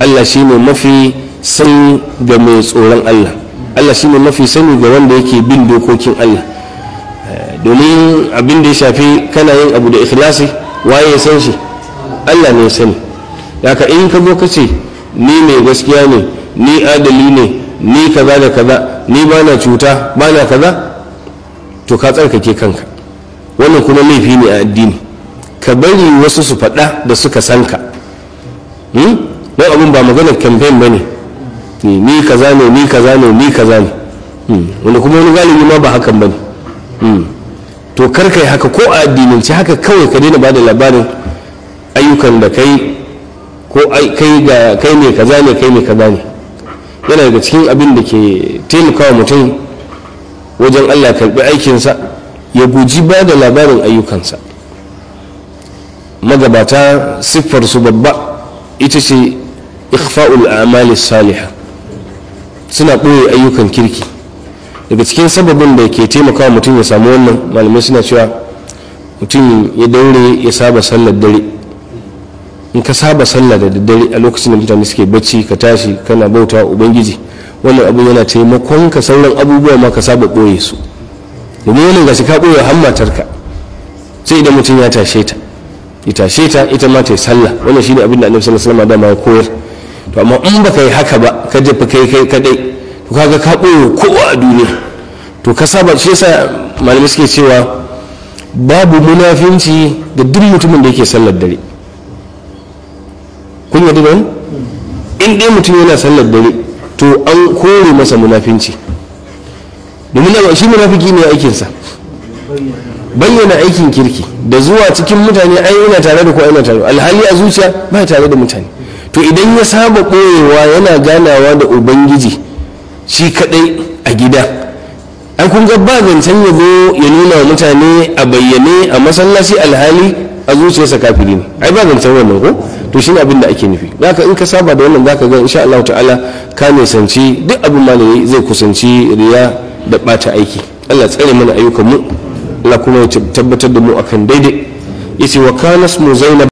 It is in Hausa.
Allah shi ne mafi sani ga mai tsoron Allah Allah shi ne mafi sani ga wanda yake bin dokokin Allah eh, domin abin da ya shafi kana yin abu da ikhlasi waye ya san shi Allah ne ya sani daga in ka zo ka ce ni mai gaskiya ne ni adali ne ni kaza da kaza ni bana cuta bana kaza to ka tsarkake kanka wannan kuma laifi ne a addini ka bari wasu su faɗa da suka sanka. Hmm? don abin ba maganar campaign ba ne hmm, ni kaza ne ni kaza ne ni kaza ne hmm, wanda kuma wani galibi ma ba hakan ba ne hmm, to kar haka ko a addinance haka kawai ka daina ba da labarin ayyukan da kai ko kai ga kai ne kaza ne kai ne kaza ne yana daga cikin abin da ke taimakawa mutum wajen allah karɓi aikinsa ya guji ba da labarin ayyukansa magabata siffarsu babba ita ce ikhfa'ul amali salihah suna ɓoye ayyukan kirki daga cikin sababin da ke taimakawa mutum ya samu wannan malamai suna cewa mutum ya daure ya saba sallar dare in ka saba sallar da dare a lokacin da mutane suke bacci ka tashi kana bauta ubangiji wannan abu yana taimakon ka sauran abubuwa ma ka saba ɓoye su domin wannan gashi ka ɓoye hammatarka sai idan mutum ya tashe ta ya tashe ta ita ma ta yi sallah wannan shine abin da annabi sallallahu alaihi wasallam dama ya koyar to amma in baka yi haka ba ka jefa kai kai kadai to kaga ka ɓoye kowa a duniya to ka saba shi yasa malamai suke cewa babu munafinci da duk mutumin da yake sallar dare kun yi da in ɗaya mutum yana sallar dare to an kore masa munafinci domin shi munafiki ne aikinsa bayyana aikin kirki da zuwa cikin mutane ai ina tare da ko ina tare alhali a zuciya ba tare da mutane to idan ya saba koyewa yana ganawa da ubangiji shi kadai a gida an kun ba zancen ya zo ya nuna wa mutane a bayyane a masallaci alhali a zuciyarsa kafiri ne ai ba zancen wannan ko to shine abin da ake nufi zaka in ka saba da wannan zaka ga insha Allah ta'ala ka nisanci duk abin ma ne zai kusanci riya da bata aiki Allah tsare mana ayyukan mu Allah kuma ya tabbatar da mu akan daidai yace wa kana ismu zainab